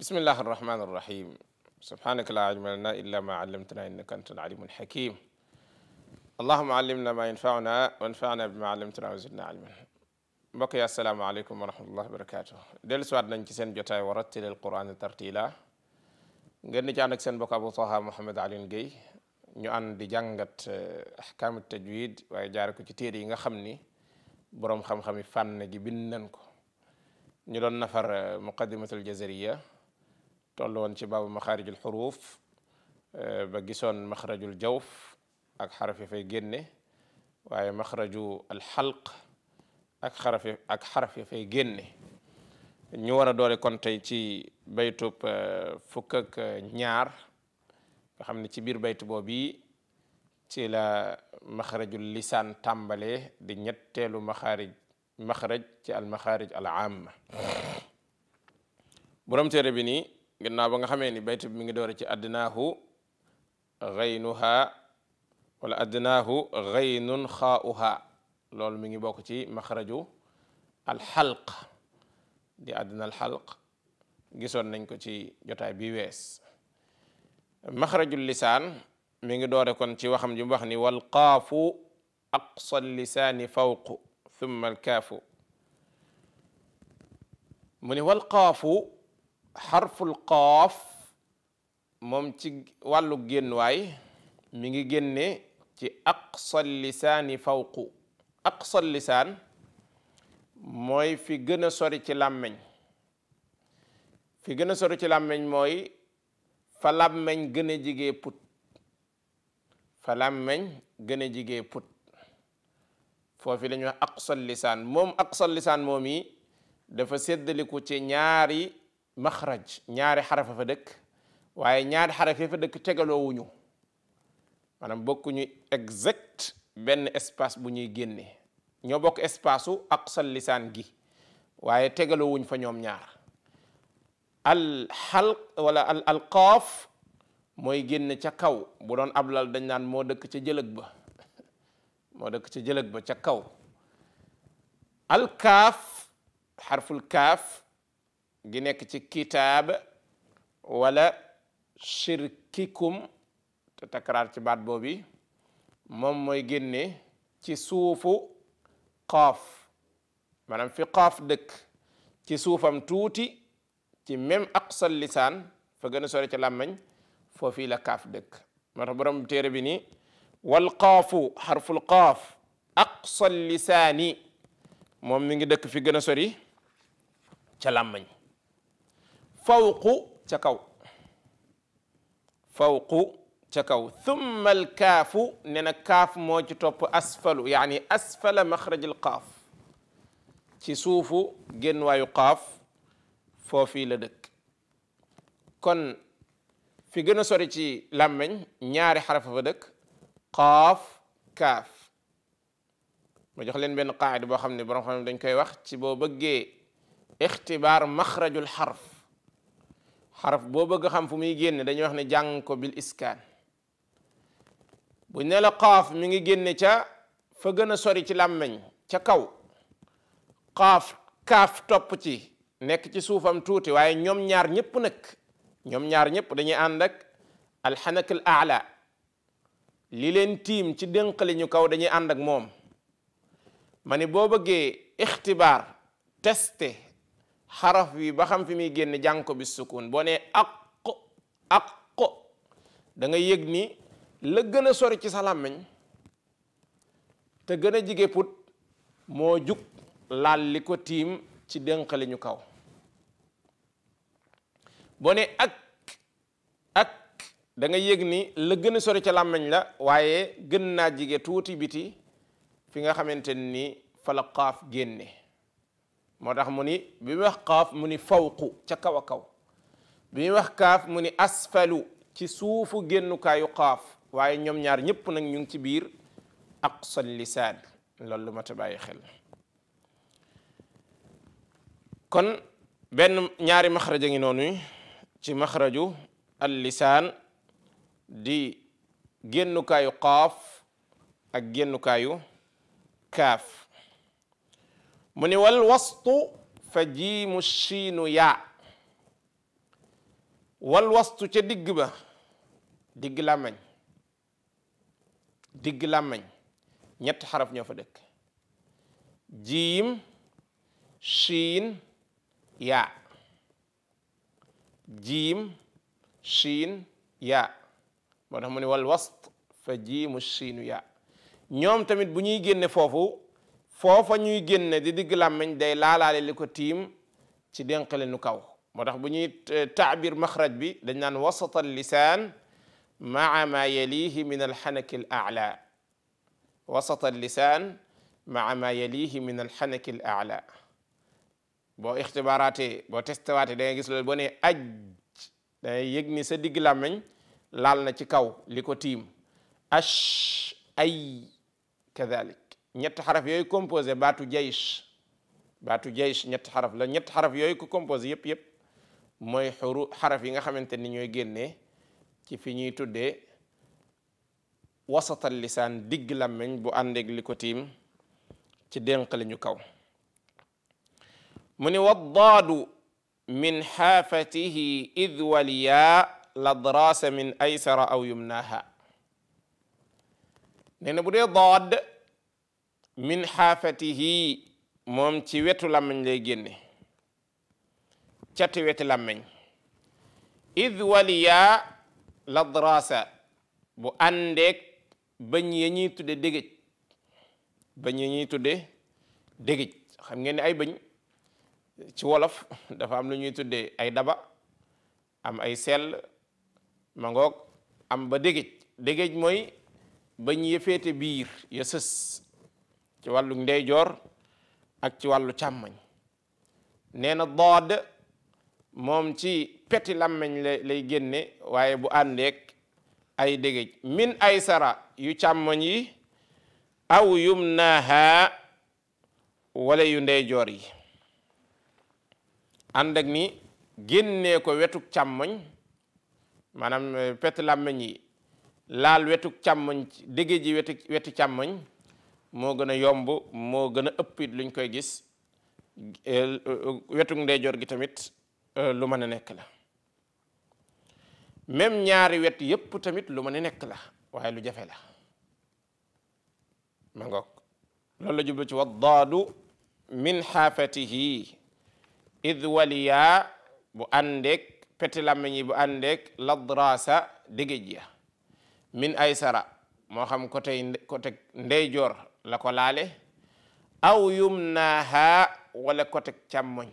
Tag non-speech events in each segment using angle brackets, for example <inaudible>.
بسم الله الرحمن الرحيم سبحانك لا علم لنا إلا ما علمتنا إنك أنت العليم الحكيم اللهم علمنا ما ينفعنا وانفعنا بما علمتنا وزدنا علما mbokk yi asalaamaaleykum wa rahmatullahi wa barakatuh dellu siwaat nañ ci seen jotaay wa rattilil qur'ana tartila ngeen di ci ànd ak seen bokk Abou Taha Mouhamed Alioune Guèye ñu ànd di jàngat ahkaamu tajwid waaye jaare ko ci téere yi nga xam ni boroom xam-xami fànn gi bind nañ ko ñu doon nafar muqaddimatul jazariya تولون شباب مخارج الحروف بقسون مخرج الجوف أك حرف في جنة وهي مخرج الحلق أك حرف أك حرف في جنة نيورا دوري كونتي تي بيتوب فكك نيار خمني تبير بيت بوبي تي لا مخرج اللسان تامبالي دي نيتلو مخارج مخرج تي المخارج العامة برمتي ربيني gannaaw ba nga xamee ni bayt bi mi ngi doore ci addinaahu gaynuha wala addinaahu gaynun xaauha loolu mi ngi bokk ci maxraju alxalq di addina alxalq gisoon nañ ko ci jotaay bi wees maxrajul lisaan mi ngi doore kon ci waxam ji mu ni wal qaafu aqsa lisaani fawqu thumma alkaafu mu ni wal xarful qaaf moom ci wàllu génwaay mi ngi génne ci aqsal lisaani fawqu aqsal lisaan mooy fi gën sori ci làmmeñ fi gën a sori ci làmmeñ mooy fa làmmeñ gën a jigee put fa làmmeñ gën a put foofi la ñuy lisaan moom aqsal lisaan moom yi dafa séddaliku ci ñaari maxraj ñaari xarafa fa dëkk waaye ñaari xarafa fa dëkk tegaloowuñu maanaam bokkuñu exact benn espace bu ñuy génne ñoo bokk espace su aqsal lisaan gi waaye tegaloowuñ fa ñoom ñaar al xalq wala al alqaaf mooy génn ca kaw bu doon ablal dañ naan moo dëkk ca jëlëg ba moo dëkk ca jëlëg ba ca kaw alkaaf xarful kaaf gi nekk ci kitaab wala shirkikum te takraar ci baat boobi moom mooy génne ci suufu qaaf maanaam fi qaaf dëkk ci suufam tuuti ci même aqsal lisaan fa gën a sore ci làmmañ foofii la dëkk moo tax borom téere bi nii wal qaafu xarful qaaf aqsal lisaani moom mi ngi dëkk fi gën a sori ca làmmañ فوق تكو فوق تكو ثم الكاف نينا الكاف موج توب اسفل يعني اسفل مخرج القاف تي جن ويقاف قاف فوفي لدك كن في جن سوري تي لامن نياري حرف فدك قاف كاف ما جخلين بين قاعد بو خامني بروم خامني دنج كاي واخ تي بو بغي اختبار مخرج الحرف xaraf boo bëgg xam fu muy génne dañuy wax ne jàng ko bil iskaan bu ne la qaaf mi ngi génne ca fa gën a sori ci làmmeñ ca kaw qaaf kaaf topp ci nekk ci suufam tuuti waaye ñoom ñaar ñëpp nag ñoom ñaar ñëpp dañuy ànd ak alxanak al aala li leen tiim ci dénqali ñu kaw dañuy ànd ak moom ma ni boo bëggee ixtibaar teste xaraf wi ba xam fi muy génne jàng ko bi sukun bone nee aq aq da yëg ni la gën a sori ci sa làmmiñ te gën a jige put moo jug laal li ko tiim ci dénqali ñu kaw bone ak ak da yég ni la gën a sori ca làmmiñ la waaye gën naa jige tuuti biti fi nga xamante ni fa la génne moo tax mu ni bi muy wax qaaf mu ni fawqu ca kaw a kaw bi muy wax kaaf mu ni asfalu ci suufu génnukaayu qaaf waaye ñoom ñaar ñëpp nag ñu ngi ci biir aqsal lisaan loolu lu mat a bàyyi xel kon benn ñaari maxraj a ngi noonu ci maxraju al lisaan di génnukaayu qaaf ak génnukaayu kaaf mu ni wal wastu fa jiimu shiinu yaa wal wastu ca digg ba digg làmmañ digg làmmañ ñetti xarab ñoo fa dëkk jiim shiin yaa jiim shiin yaa moo tax mu ne wal wast fa jiimu shiinu yaa ñoom tamit bu ñuy génne foofu foofa ñuy génne di digg làmmiñ day laalaale li ko tiim ci dénqale nu kaw moo tax bu ñuy eh, taabir maxraj bi dañ naan wasata al lisaan maa maa yalihi min alxanaki al aala wasata al lisaan maa maa da gis loolu boo ne aj da ngay yëg ni sa digg làmmiñ laal ci kaw li ko tiim ash ay kadalik ñetti xaraf yooyu composé baatu jaysh baatu jaysh ñetti xaraf la ñetti xaraf yooyu ko composé yëpp yëpp mooy xuru xaraf yi nga xamante ni ñooy génne ci fi ñuy tuddee wasatal lisaan digg làmmiñ bu àndeeg li ko tiim ci dénq li ñu kaw mu ni waddaadu min xaafatihi id waliyaa la draasa min aysara aw yumnaaha nee bu dee daad min xaafatihi moom ci wetu làmmiñ lay génne cati wetu làmmiñ id waliya ladrasa bu àndeeg bañ ya ñuy tudde dégëj bañ ya ñuy tudde dégëj xam ngeen ne ay bañ ci wolof <laughs> dafa am lu ñuy tudde ay daba am ay sell mangoog am ba dégëj dégëj mooy bañ ya féete biir ya sës ci wàllu ndeyjoor ak ci wàllu càmmañ nee na dood moom ci peti làmmeñ la lay génne waaye bu àndeek ay dégéej min ay sara yu càmmoñ yi aw yum naaha wala yu ndeyjoor yi ànd ni génnee ko wetuk càmmoñ maanaam eh, peti làmmeñ yi laal wetuk càmmoñ dégéej yi wetu wetu moo gën a yomb moo gën a ëpp it luñ koy gis eh, wetu ndeyjoor gi tamit eh, lu mën a nekk la même ñaari wet yépp tamit lu mën a nekk la waaye lu jafe la ma ngoog loolu la jublu ci wa daadu min xaafatihi id bu àndeek peti làmmiñ yi bu àndeek ladraasa digéej ya min aysara moo xam côté côté ndeyjoor la ko laale aw yumnaaha wala côté càmmoñ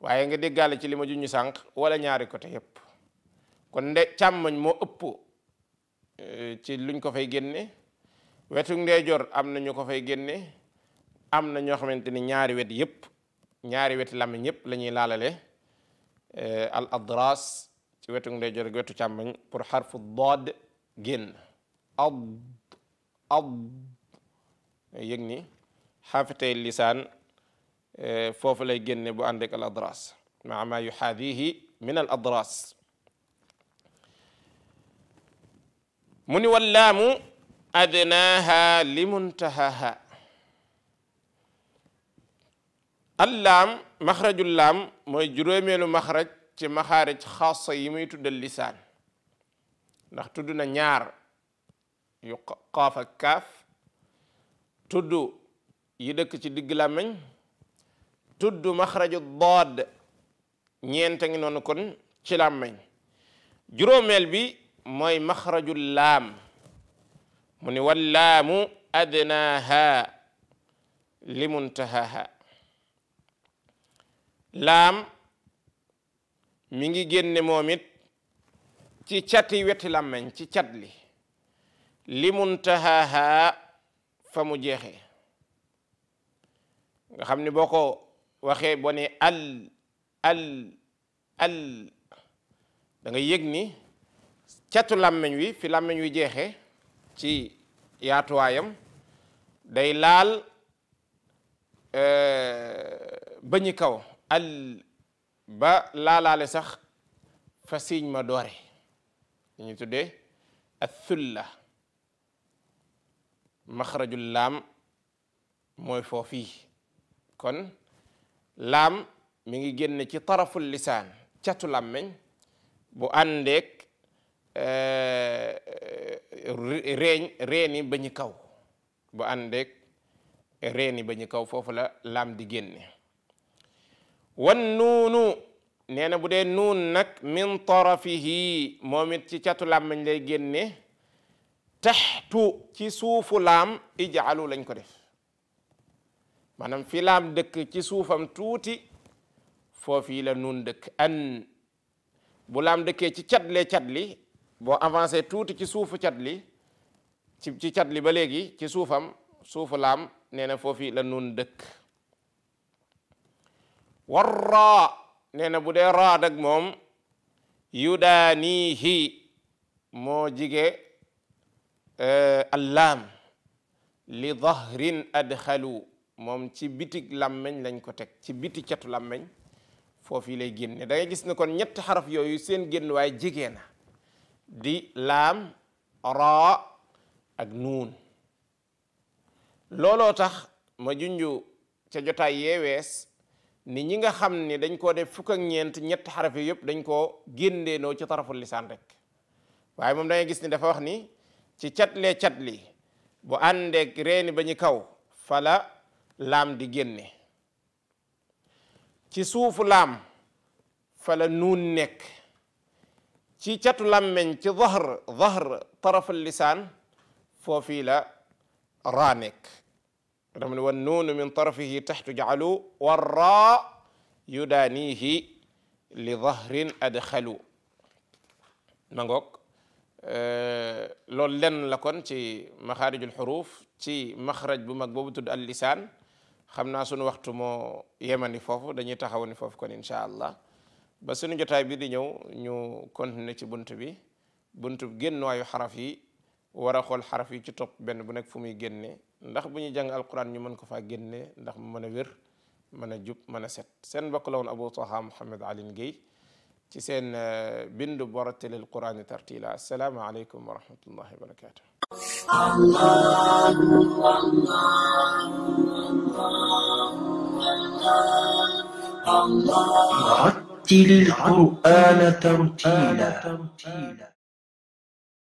waaye nga déggaale ci li ma juñu sànq wala ñaari côté yëpp kon nde càmmoñ moo ëpp eh, ci luñ ko fay génne wetu ndeyjoor am na ñu ko fay génne am na ñoo xamante ni ñaari wet yëpp ñaari weti làmmiñ yëpp lañuy ñuy laalale eh, al adras ci wetu ndeyjoor ak wetu càmmoñ pour xarfu dood génn ad أض يجني حافت اللسان فوف لا يجني بو عندك الأدراس مع ما يحاذيه من الأدراس من واللام أدناها لمنتهاها اللام مخرج اللام موي جروميل مخرج تي مخارج خاصه يمي تود اللسان نخ تودنا نيار yu xaaf kaaf tudd yi dëkk ci digg làmmiñ tudd maxraju dood ñeenta ngi noonu kon ci làmmiñ juróomeel bi mooy maxraju laam mu ni wallaamu adnaaha li muntahaha laam mi ngi génne moomit ci cati weti làmmiñ ci cat li li muntahaaha fa mu jeexee nga xam ni boo ko waxee boo ne al al al da yëg ni catu làmmeñ wi fi làmmeñ wi jeexee ci yaatuwaayam day laal euh, bañi kaw al ba laalaale sax fa siiñ ma doore li ñu tuddee athulla maxrajul lam mooy foofii kon lam mi ngi génne ci taraful lisaan catu làmmeñ bu àndeeg eh, reeñ reeni ba ñu kaw bu àndeeg reeni ba kaw foofu la laam di génne wan nuunu nee na bu dee nuun nag min tarafihi moom it ci catu làmmeñ lay génne textu ci suufu laam ijaalu lañ ko def maanaam fi laam dëkk ci suufam tuuti foofii la nun dëkk an bu laam dëkkee ci catlee catli boo avancé tuuti ci suufu catli ci ci catli ba léegi ci suufam suufu laam nee na foofii la nun dëkk war raa nee na bu dee raa dag moom yudaanihi moo jige Euh, allaam li dahrin adxalu moom ci biti làmmeñ lañ ko teg ci biti catu làmmeñ foofii lay génne da ngay gis ne kon ñetti xaraf yooyu seen génn waaye jigéen na di laam raa ak nuun looloo tax ma junju ca jotaay yee ni ñi nga xam ni dañ koo def fukk ñeent ñett xaraf yooyu yëpp dañ koo génneenoo ci taraful lisaan rek waaye moom da ngay gis wax ni ci catle catli bu àndeek reeni bañu kaw fala lam di génne ci suufu lam fala nuun nekk ci catu làmmeñ ci zahr zahr tarafal lisaan foofii la raa nekk dama ne nuunu min tarafihi taxtu jacalu warraa yudanihi li dhahrin adxalu nangok Euh, loolu lenn la kon ci maxaarijul xuruuf ci maxraj bu mag boobu tudd al lisaan xam naa sunu waxtu moo yemani foofu dañuy taxawani foofu kon incha allah ba sunu jotaay bi di ñëw ñu continuer ci bunt bi bunt génnuwaayu xaraf yi war a xool xaraf yi ci topp benn bu nekk fu muy génne ndax bu ñuy jàng alquran ñu mën ko faa génne ndax mu mën a wér mën a jub mën a set seen mbokk la woon Abou Taha Mouhamed Alioune Guèye ci seen bindu borattilil qur'ani tartila assalamu alaykum wa rahmatullahi wa barakatuh Allahu Allahu Allahu رتل القرآن ترتيلا